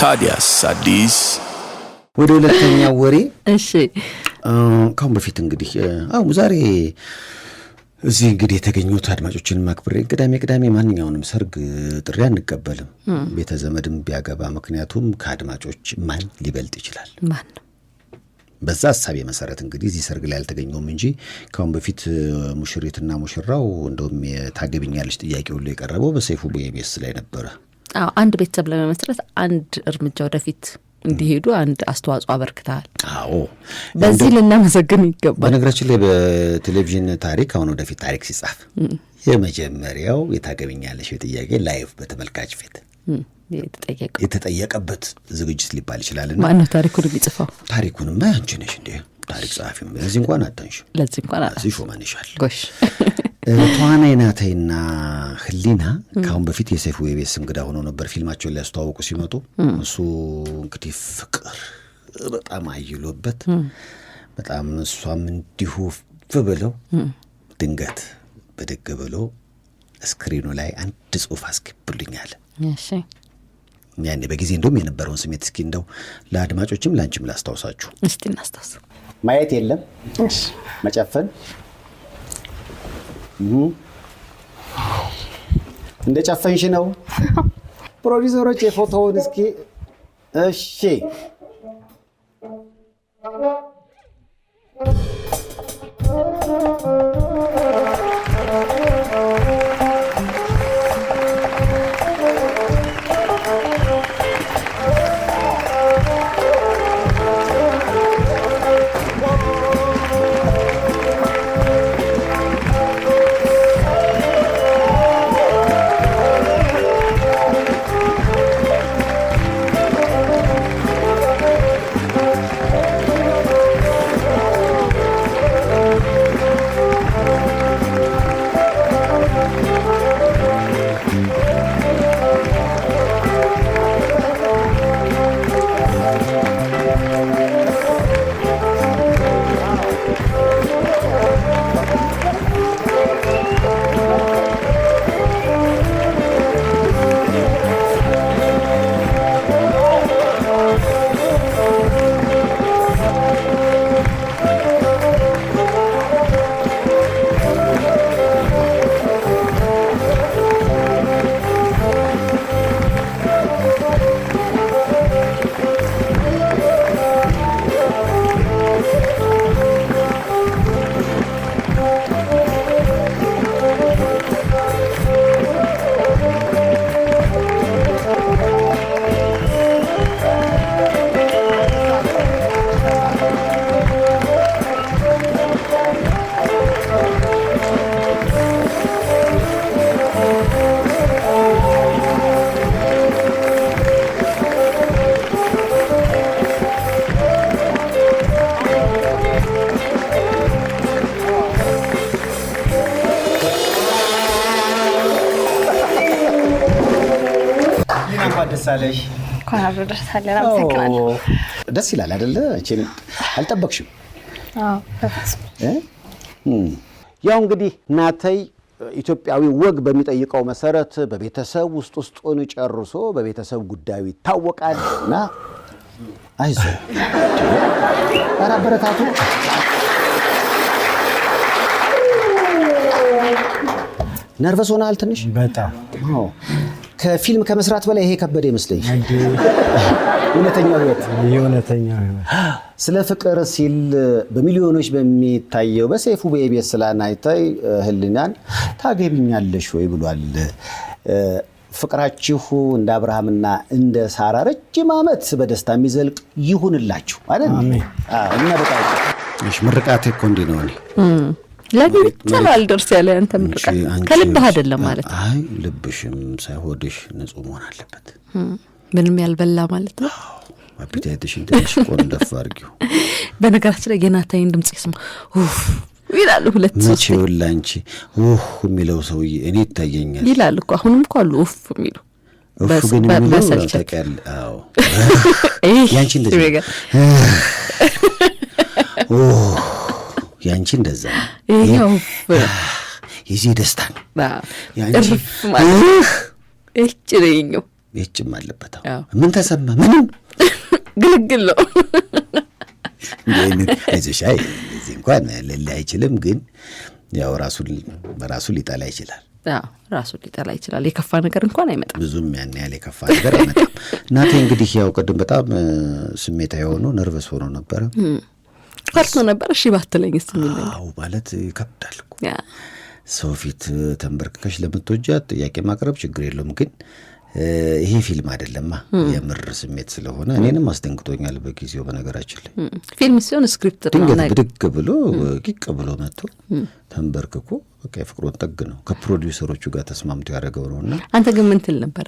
ታዲያስ አዲስ ወደ ሁለተኛው ወሬ። እሺ ካሁን በፊት እንግዲህ አሁ ዛሬ እዚህ እንግዲህ የተገኙት አድማጮችን ማክብሬ ቅዳሜ ቅዳሜ ማንኛውንም ሰርግ ጥሪ አንቀበልም፣ ቤተ ዘመድም ቢያገባ። ምክንያቱም ከአድማጮች ማን ሊበልጥ ይችላል? በዛ ሀሳብ መሰረት እንግዲህ እዚህ ሰርግ ላይ አልተገኘውም እንጂ ካሁን በፊት ሙሽሪትና ሙሽራው እንደውም ታገቢኛለች ጥያቄ ሁሉ የቀረበው በሰይፉ በኢቢኤስ ላይ ነበረ። አንድ ቤተሰብ ለመመስረት አንድ እርምጃ ወደፊት እንዲሄዱ አንድ አስተዋጽኦ አበርክተሃል። አዎ በዚህ ልናመሰግን ይገባል። በነገራችን ላይ በቴሌቪዥን ታሪክ አሁን ወደፊት ታሪክ ሲጻፍ የመጀመሪያው የታገቢኛለሽ ጥያቄ ላይቭ በተመልካች ፊት የተጠየቀበት ዝግጅት ሊባል ይችላል። ና ማነው ታሪኩን የሚጽፋው? ታሪኩንማ አንቺ ነሽ እንዴ! ታሪክ ጸሐፊ ለዚህ እንኳን አታንሽ፣ ለዚህ እንኳን ሾመንሻል። ተዋናይ ናተይና ህሊና ከአሁን በፊት የሰይፉ የቤት እንግዳ ሆኖ ነበር። ፊልማቸውን ሊያስተዋውቁ ሲመጡ እሱ እንግዲህ ፍቅር በጣም አይሎበት በጣም እሷም እንዲሁ ብለው ድንገት ብድግ ብሎ ስክሪኑ ላይ አንድ ጽሁፍ አስገብሉኛል። ያኔ በጊዜ እንደውም የነበረውን ስሜት እስኪ እንደው ለአድማጮችም ለአንቺም ላስታውሳችሁ። እስቲ ማየት የለም መጨፈን እንደ ጨፈንሽ ነው። ፕሮዲሰሮች የፎቶውን እስኪ እሺ ደስ ይላል አይደለ? አልጠበቅሽም? ያው እንግዲህ ናተይ ኢትዮጵያዊ ወግ በሚጠይቀው መሰረት በቤተሰብ ውስጥ ውስጡን ጨርሶ በቤተሰብ ጉዳዩ ይታወቃል እና አይዞ አበረታቱ ነርቨስ ሆነሃል ትንሽ በጣም ከፊልም ከመስራት በላይ ይሄ ከበደ ይመስለኝ። እውነተኛ ህይወት የእውነተኛ ህይወት ስለ ፍቅር ሲል በሚሊዮኖች በሚታየው በሰይፉ በኤቤስ ስላናይታይ ህሊናን ታገቢኛለሽ ወይ ብሏል። ፍቅራችሁ እንደ አብርሃምና እንደ ሳራ ረጅም ዓመት በደስታ የሚዘልቅ ይሁንላችሁ ማለት ነው። ምርቃቴ እኮ እንዲህ ነው። ለምን ብቻ አልደርስ ያለ አንተ ምርቃ ከልብህ አይደለም ማለት ነው። አይ ልብሽም ሳይሆድሽ ንጹህ መሆን አለበት። ምንም ያልበላ ማለት ነው። አፒታይትሽን ትንሽ ቆንደፍ አድርጊው። በነገራችን ላይ የናታይን ድምጽ ስማ ይላሉ ሁለት መቼ ሁላ አንቺ ውህ የሚለው ሰውዬ እኔ ይታየኛል ይላል እኮ አሁንም እኮ አሉ ውፍ የሚሉ ውፍ ግን የሚለው ያንቺ እንደዚህ ያንቺ እንደዛ ነው። ይኸው የዚህ ደስታ ነው። ይህች ነው የእኛው። ምን ተሰማ? ምንም ግልግል ነው። አይዞሽ፣ አይ እዚህ እንኳን ልል አይችልም፣ ግን ያው ራሱን በራሱ ሊጠላ ይችላል። ራሱን ሊጠላ ይችላል። የከፋ ነገር እንኳን አይመጣም። ብዙም ያን ያህል የከፋ ነገር አይመጣም። እናቴ እንግዲህ ያው ቅድም በጣም ስሜታ የሆኑ ነርቨስ ሆኖ ነበረ ፈርቶ ነበር። እሺ ባትለኝ ስ የሚለኝ ማለት ይከብዳል። ሰው ፊት ተንበርክከሽ ለምትወጃት ጥያቄ ማቅረብ ችግር የለውም ግን ይሄ ፊልም አይደለማ የምር ስሜት ስለሆነ እኔንም አስደንግጦኛል በጊዜው። በነገራችን ላይ ፊልም ሲሆን ስክሪፕት ድንገት ብድግ ብሎ ቂቅ ብሎ መጥቶ ተንበርክኮ በቃ የፍቅሮን ጠግ ነው ከፕሮዲውሰሮቹ ጋር ተስማምቶ ያደረገው ነው። እና አንተ ግን ምን ትል ነበረ?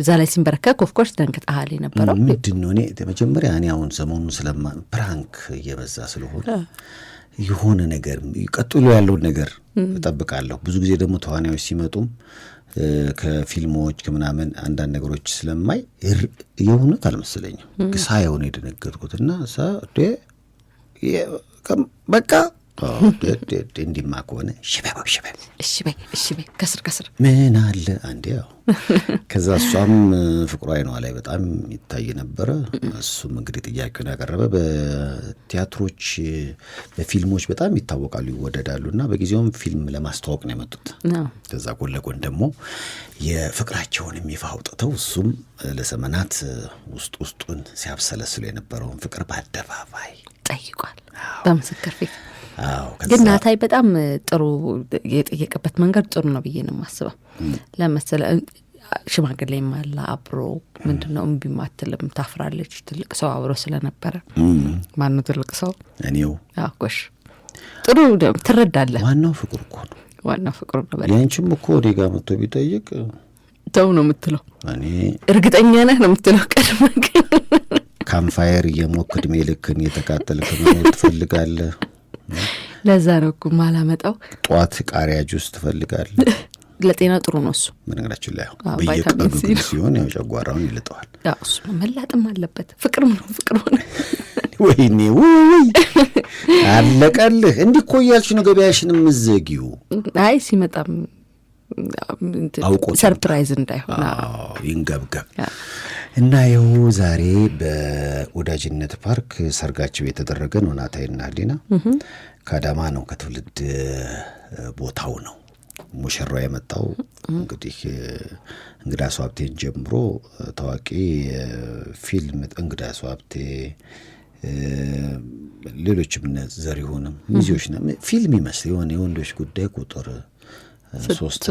እዛ ላይ ሲንበረከክ ኦፍኮርስ ደንግጥ የነበረው ምንድን ነው? እኔ መጀመሪያ እኔ አሁን ሰሞኑን ስለማ ፕራንክ እየበዛ ስለሆነ የሆነ ነገር ቀጥሎ ያለውን ነገር እጠብቃለሁ። ብዙ ጊዜ ደግሞ ተዋናዮች ሲመጡም ከፊልሞች ከምናምን አንዳንድ ነገሮች ስለማይ የእውነት አልመሰለኝም። ሳየው የሆነ የደነገጥኩት እና በቃ እንዲማ ከሆነ ሽበው ሽበ ከስር ከስር ምን አለ አንዴ። ያው ከዛ እሷም ፍቅሯ አይኗ ላይ በጣም ይታይ ነበረ። እሱም እንግዲህ ጥያቄውን ያቀረበ በቲያትሮች በፊልሞች በጣም ይታወቃሉ፣ ይወደዳሉ እና በጊዜውም ፊልም ለማስተዋወቅ ነው የመጡት። ከዛ ጎን ለጎን ደግሞ የፍቅራቸውን ይፋ አውጥተው እሱም ለዘመናት ውስጥ ውስጡን ሲያብሰለስሉ የነበረውን ፍቅር በአደባባይ ጠይቋል በምስክር ፊት ግን ናታይ በጣም ጥሩ የጠየቀበት መንገድ ጥሩ ነው ብዬ ነው የማስበው። ለመሰለ ሽማግሌ ማላ አብሮ ምንድን ነው እምቢ ማትልም ታፍራለች። ትልቅ ሰው አብሮ ስለነበረ ማነው ትልቅ ሰው እኔው ጎሽ፣ ጥሩ ትረዳለ ዋናው ፍቅር እኮ ነው፣ ዋናው ፍቅር ነበር ያንችም እኮ እኔ ጋር መጥቶ ቢጠይቅ ተው ነው የምትለው። እኔ እርግጠኛ ነህ ነው የምትለው ቀድመ ካምፋየር እየሞክ እድሜ ልክን እየተቃጠልክ ትፈልጋለህ። ለዛ ነው እኮ ማላመጣው። ጠዋት ቃሪያ ጁስ ትፈልጋል። ለጤና ጥሩ ነው እሱ። በነገራችን ላይ በየቀኑ ግን ሲሆን ያው ጨጓራውን ይልጠዋል። እሱ መላጥም አለበት። ፍቅርም ነው ፍቅር ሆነ። ወይኔ ውይ አለቀልህ። እንዲህ እኮ እያልሽ ነው ገበያሽንም ምዘጊው። አይ ሲመጣም አውቆ ሰርፕራይዝ እንዳይሆን ይንገብገብ እና ይኸው ዛሬ በወዳጅነት ፓርክ ሰርጋቸው የተደረገ ነው። ናታይና ህሊና ከአዳማ ነው፣ ከትውልድ ቦታው ነው። ሙሽራው የመጣው እንግዲህ እንግዳ ሰዋብቴን ጀምሮ ታዋቂ ፊልም እንግዳ ሰዋብቴ ሌሎችም ዘሪሁንም ሚዜዎች ፊልም ይመስል የሆነ የወንዶች ጉዳይ ቁጥር ሶስት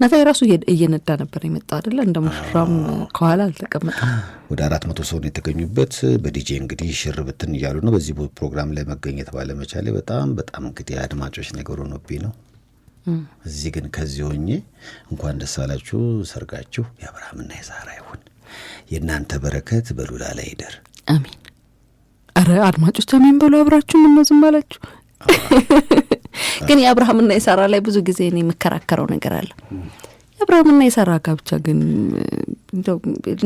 ነው ራሱ እየነዳ ነበር የመጣ አደለ? እንደ ሙሽራም ከኋላ አልተቀመጠም። ወደ አራት መቶ ሰው ነው የተገኙበት። በዲጄ እንግዲህ ሽር ብትን እያሉ ነው። በዚህ ፕሮግራም ላይ መገኘት ባለመቻሌ በጣም በጣም እንግዲህ አድማጮች ነገር ሆኖብኝ ነው። እዚህ ግን ከዚህ ሆኜ እንኳን ደስ አላችሁ፣ ሰርጋችሁ የአብርሃምና የሳራ ይሁን። የእናንተ በረከት በሉላ ላይ ይደር። አሚን። አረ አድማጮች አሜን በሉ። አብራችሁ ምነዝም አላችሁ? ግን የአብርሃምና የሳራ ላይ ብዙ ጊዜ እኔ የምከራከረው ነገር አለ። የአብርሃምና የሳራ ጋብቻ ግን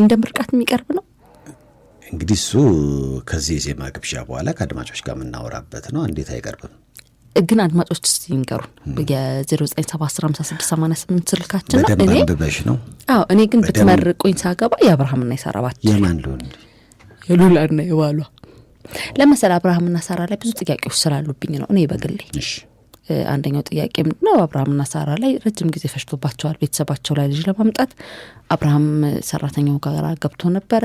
እንደ ምርቃት የሚቀርብ ነው። እንግዲህ እሱ ከዚህ የዜማ ግብዣ በኋላ ከአድማጮች ጋር የምናወራበት ነው። እንዴት አይቀርብም? ግን አድማጮች ስ ይንገሩን የ0971158688 ስልካችን ነው። ነው። አዎ እኔ ግን ብትመርቁኝ ሳገባ የአብርሃምና የሳራ ባት የማን ልሆን የሉላና የባሏ ለመሰል አብርሃምና ሳራ ላይ ብዙ ጥያቄዎች ስላሉብኝ ነው እኔ በግሌ አንደኛው ጥያቄ ነው? አብርሃምና ሳራ ላይ ረጅም ጊዜ ፈሽቶባቸዋል። ቤተሰባቸው ላይ ልጅ ለማምጣት። አብርሃም ሰራተኛው ጋር ገብቶ ነበረ።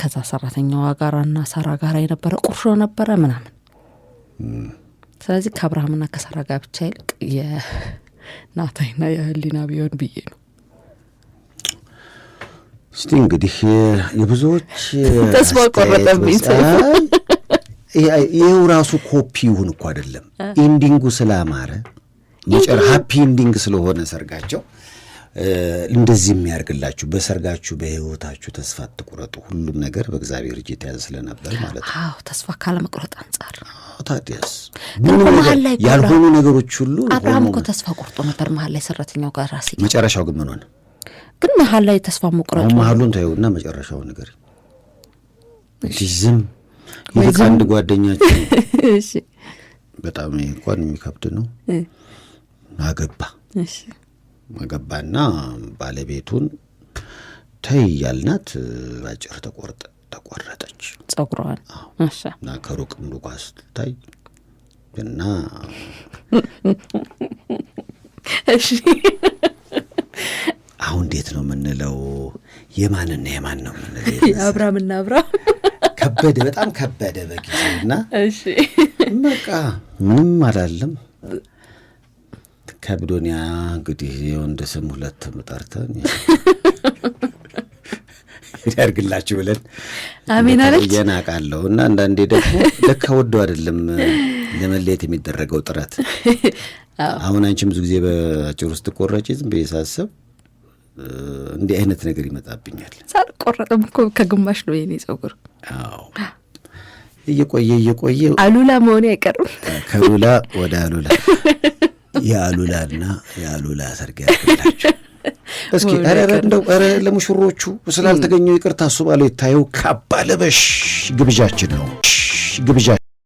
ከዛ ሰራተኛዋ ጋራና ሳራ ጋር የነበረ ቁርሾ ነበረ ምናምን። ስለዚህ ከአብርሃምና ከሳራ ጋር ብቻ ይልቅ የናታይና የህሊና ቢሆን ብዬ ነው። እስቲ እንግዲህ የብዙዎች ተስፋ ቆረጠብኝ። ይሄው ራሱ ኮፒ ይሁን እኮ አይደለም ኢንዲንጉ ስላማረ መጨረ ሀፒ ኢንዲንግ ስለሆነ ሰርጋቸው እንደዚህ የሚያርግላችሁ በሰርጋችሁ በህይወታችሁ ተስፋ አትቁረጡ። ሁሉም ነገር በእግዚአብሔር እጅ የተያዘ ስለነበር ማለት ነው። ተስፋ ካለመቁረጥ አንጻር ታዲያስ ያልሆኑ ነገሮች ሁሉ አብርሃም እኮ ተስፋ ቆርጦ ነበር መሀል ላይ ሰራተኛው ጋር ራሴ መጨረሻው ግን ምን ሆነ? ግን መሀል ላይ ተስፋ መቁረጡ መሀሉን ታየውና መጨረሻው ነገር ዝም ይህ ከአንድ ጓደኛችን በጣም እንኳን የሚከብድ ነው። አገባ አገባና ባለቤቱን ተይ ያልናት አጭር ተቆርጠ ተቆረጠች ጸጉሯን እና ከሩቅም ሩቋ ስትታይ እና እሺ አሁን እንዴት ነው የምንለው? የማንና የማን ነው የምንለው? አብራምና አብራም ከበደ፣ በጣም ከበደ በጊዜው እና በቃ ምንም አላለም። ከብዶኒያ እንግዲህ የወንድ ስም ሁለት ጠርተን ያርግላችሁ ብለን አሜን አለች። የናቃለሁ እና አንዳንዴ ደግሞ ለካ ወዶ አይደለም ለመለየት የሚደረገው ጥረት። አሁን አንቺም ብዙ ጊዜ በአጭር ውስጥ ቆረጪ። ዝም ብዬ ሳስብ እንዲህ አይነት ነገር ይመጣብኛል። ሳልቆረጥም እኮ ከግማሽ ነው የኔ ጸጉር። እየቆየ እየቆየ አሉላ መሆኑ አይቀርም። ከሉላ ወደ አሉላ የአሉላና የአሉላ ሰርግ ያላቸው እስኪ እንደው ኧረ ለሙሽሮቹ ስላልተገኘው ይቅርታ እሱ ባለው ይታየው ካባ ለበሽ ግብዣችን ነው ግብዣ